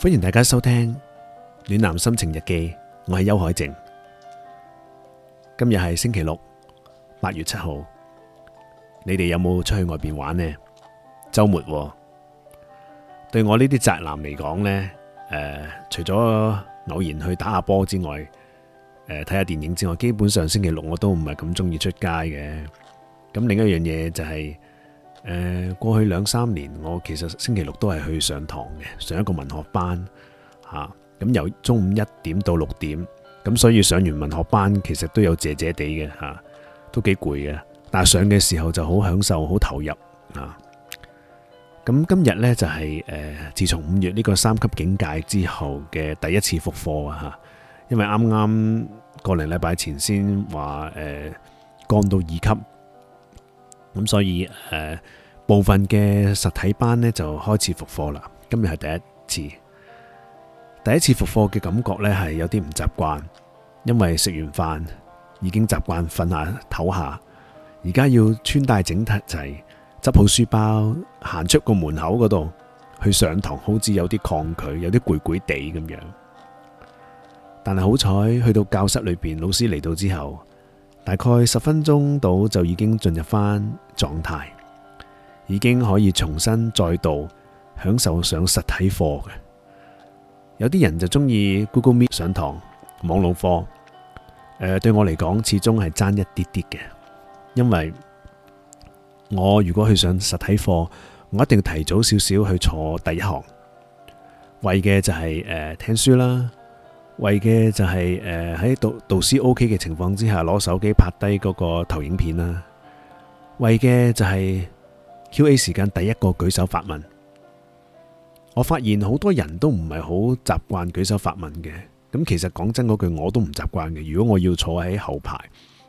歡迎大家收聽《暖男心情日記》，我係邱海靜。今日係星期六，八月七號。你哋有冇出去外邊玩呢？周末，對我呢啲宅男嚟講呢，誒，除咗偶然去打下波之外，誒，睇下電影之外，基本上星期六我都唔係咁鍾意出街嘅。咁另一樣嘢就係。誒，過去兩三年我其實星期六都係去上堂嘅，上一個文學班，吓咁由中午一點到六點，咁所以上完文學班其實都有藉藉地嘅吓，都幾攰嘅，但係上嘅時候就好享受，好投入啊。咁今日呢就係誒，自從五月呢個三級警戒之後嘅第一次復課啊吓，因為啱啱個零禮拜前先話誒降到二級。咁所以，誒、呃、部分嘅實體班呢，就開始復課啦。今日係第一次，第一次復課嘅感覺呢，係有啲唔習慣，因為食完飯已經習慣瞓下唞下，而家要穿戴整齊，就執好書包，行出個門口嗰度去上堂，好似有啲抗拒，有啲攰攰地咁樣。但係好彩，去到教室裏邊，老師嚟到之後，大概十分鐘到就已經進入翻狀態，已經可以重新再度享受上實體課嘅。有啲人就鍾意 Google Meet 上堂、網絡課。呃，對我嚟講，始終係爭一啲啲嘅，因為我如果去上實體課，我一定要提早少少去坐第一行，為嘅就係、是、誒、呃、聽書啦。為嘅就係，誒，喺導導師 OK 嘅情況之下攞手機拍低嗰個投影片啦，為嘅就係 Q&A 時間第一個舉手發問。我發現好多人都唔係好習慣舉手發問嘅，咁其實講真嗰句我都唔習慣嘅。如果我要坐喺後排，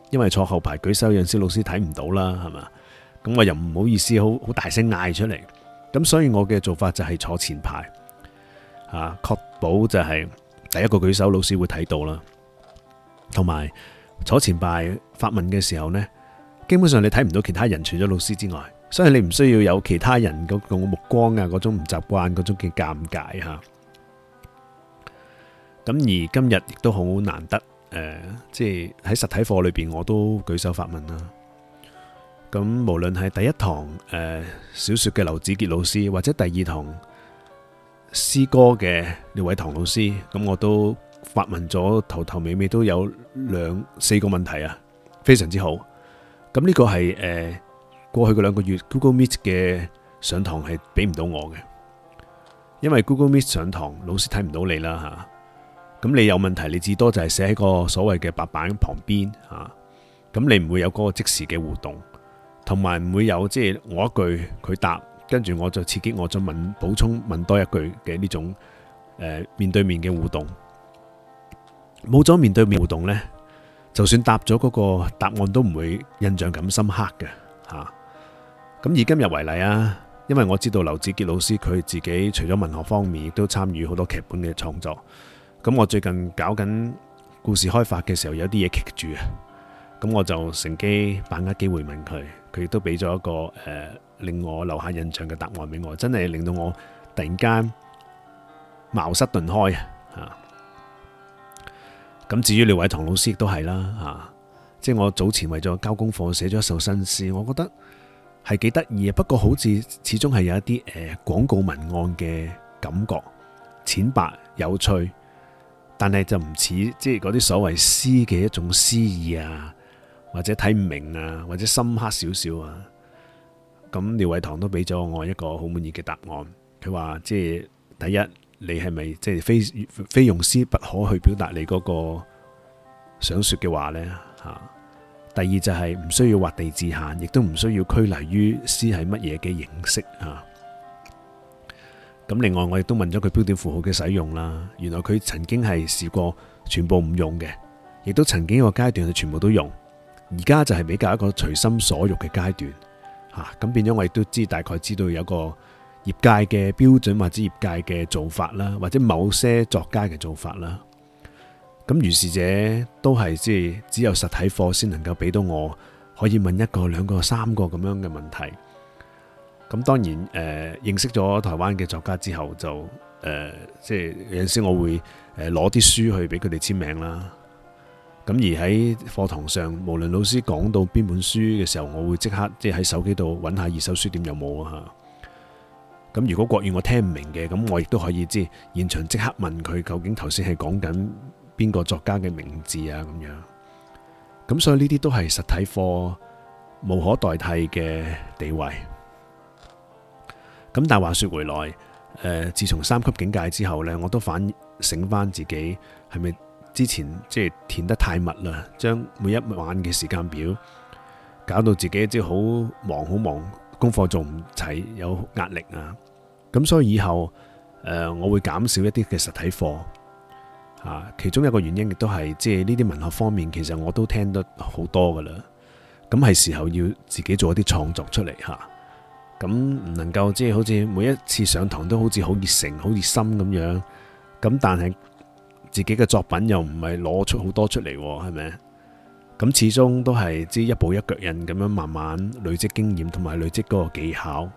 因為坐後排舉手有陣時老師睇唔到啦，係嘛？咁我又唔好意思好好大聲嗌出嚟，咁所以我嘅做法就係坐前排，啊，確保就係、是。第一個舉手，老師會睇到啦。同埋坐前排發問嘅時候呢，基本上你睇唔到其他人，除咗老師之外，所以你唔需要有其他人嗰種目光啊，嗰種唔習慣嗰種嘅尷尬吓。咁而今日亦都好難得，誒、呃，即係喺實體課裏邊，我都舉手發問啦。咁無論係第一堂誒、呃、小說嘅劉子杰老師，或者第二堂。詩歌嘅呢位唐老師，咁我都發問咗頭頭尾尾都有兩四個問題啊，非常之好。咁呢個係誒、呃、過去嗰兩個月 Google Meet 嘅上堂係俾唔到我嘅，因為 Google Meet 上堂老師睇唔到你啦吓。咁、啊、你有問題，你至多就係寫喺個所謂嘅白板旁邊吓，咁、啊、你唔會有嗰個即時嘅互動，同埋唔會有即係、就是、我一句佢答。跟住我就刺激我再問補充問多一句嘅呢種、呃、面對面嘅互動，冇咗面對面互動呢，就算答咗嗰個答案都唔會印象咁深刻嘅吓。咁、啊、以今日為例啊，因為我知道劉志杰老師佢自己除咗文學方面，亦都參與好多劇本嘅創作。咁我最近搞緊故事開發嘅時候有一些，有啲嘢棘住啊。咁我就乘機把握機會問佢，佢亦都俾咗一個誒。呃令我留下印象嘅答案俾我，真係令到我突然間茅塞頓開啊！咁至於廖偉棠老師亦都係啦，嚇、啊，即係我早前為咗交功課寫咗一首新詩，我覺得係幾得意啊！不過好似始終係有一啲誒、呃、廣告文案嘅感覺，淺白有趣，但係就唔似即係嗰啲所謂詩嘅一種詩意啊，或者睇唔明啊，或者深刻少少啊。咁廖偉棠都俾咗我一個好滿意嘅答案，佢話即係第一，你係咪即係非非用詩不可去表達你嗰個想說嘅話呢？吓，第二就係唔需要畫地自限，亦都唔需要拘泥於詩係乜嘢嘅形式啊。咁另外我亦都問咗佢標點符號嘅使用啦，原來佢曾經係試過全部唔用嘅，亦都曾經一個階段係全部都用，而家就係比較一個隨心所欲嘅階段。吓、啊、咁變咗，我亦都知大概知道有個業界嘅標準或者業界嘅做法啦，或者某些作家嘅做法啦。咁如是者都係即係只有實體課先能夠俾到我可以問一個、兩個、三個咁樣嘅問題。咁當然誒、呃，認識咗台灣嘅作家之後就誒，即、呃、係有陣時我會誒攞啲書去俾佢哋簽名啦。咁而喺課堂上，無論老師講到邊本書嘅時候，我會即刻即係喺手機度揾下二手書店有冇啊。咁如果國語我聽唔明嘅，咁我亦都可以即係現場即刻問佢究竟頭先係講緊邊個作家嘅名字啊咁樣。咁所以呢啲都係實體課無可代替嘅地位。咁但係話說回來，呃、自從三級警戒之後呢，我都反省翻自己係咪？之前即係填得太密啦，將每一晚嘅時間表搞到自己即係好忙好忙，功課做唔齊，有壓力啊！咁所以以後誒我會減少一啲嘅實體課啊，其中一個原因亦都係即係呢啲文學方面，其實我都聽得好多噶啦，咁係時候要自己做一啲創作出嚟吓，咁唔能夠即係好似每一次上堂都好似好熱誠、好熱心咁樣，咁但係。自己嘅作品又唔係攞出好多出嚟，係咪？咁始終都係即係一步一腳印咁樣慢慢累積經驗同埋累積嗰個技巧，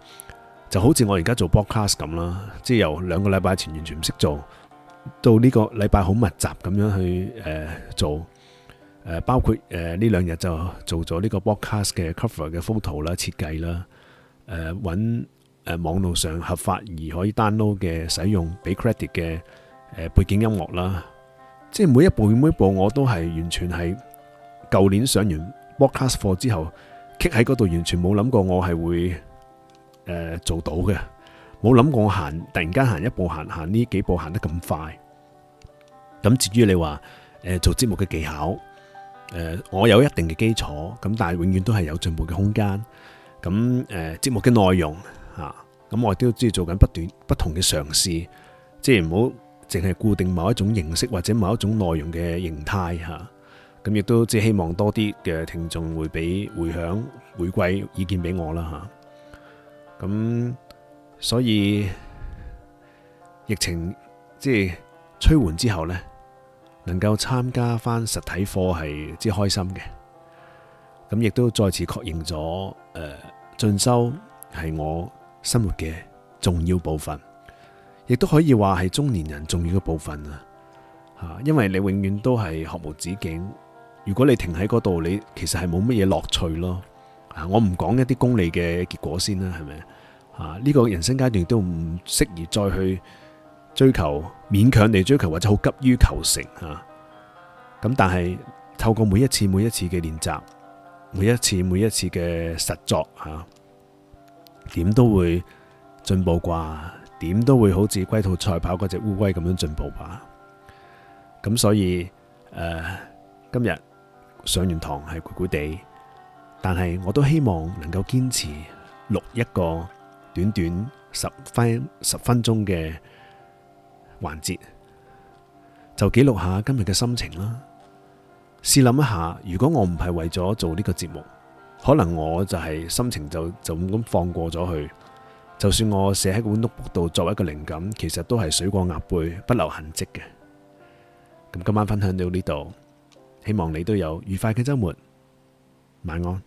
就好似我而家做 podcast 咁啦，即係由兩個禮拜前完全唔識做到呢個禮拜好密集咁樣去誒做，誒包括誒呢兩日就做咗呢個 podcast 嘅 cover 嘅 photo 啦、設計啦，誒搵誒網路上合法而可以 download 嘅使用俾 credit 嘅。誒，背景音樂啦，即係每一步每一步，我都係完全係舊年上完 broadcast 課之後，棘喺嗰度，完全冇諗過我係會誒、呃、做到嘅，冇諗過我行突然間行一步行行呢幾步行得咁快。咁至於你話誒、呃、做節目嘅技巧，誒、呃、我有一定嘅基礎，咁但係永遠都係有進步嘅空間。咁誒、呃、節目嘅內容啊，咁我亦都知做緊不斷不同嘅嘗試，即係唔好。淨係固定某一種形式或者某一種內容嘅形態吓，咁亦都只希望多啲嘅聽眾會俾回響、回饋意見俾我啦吓。咁所以疫情即係趨緩之後呢，能夠參加翻實體課係之開心嘅，咁亦都再次確認咗誒、呃，進修係我生活嘅重要部分。亦都可以話係中年人重要嘅部分啊，吓，因為你永遠都係學無止境。如果你停喺嗰度，你其實係冇乜嘢樂趣咯。啊，我唔講一啲功利嘅結果先啦，係咪啊？呢個人生階段都唔適宜再去追求，勉強嚟追求或者好急於求成啊。咁但係透過每一次、每一次、每一次嘅練習，每一次、每一次嘅實作啊，點都會進步啩？點都會好似龜兔賽跑嗰隻烏龜咁樣進步吧。咁所以誒、呃，今日上完堂係攰攰地，但係我都希望能夠堅持錄一個短短十分十分鐘嘅環節，就記錄下今日嘅心情啦。試諗一下，如果我唔係為咗做呢個節目，可能我就係心情就就咁放過咗佢。就算我寫喺 notebook 度作為一個靈感，其實都係水過鴨背，不留痕跡嘅。咁今晚分享到呢度，希望你都有愉快嘅週末，晚安。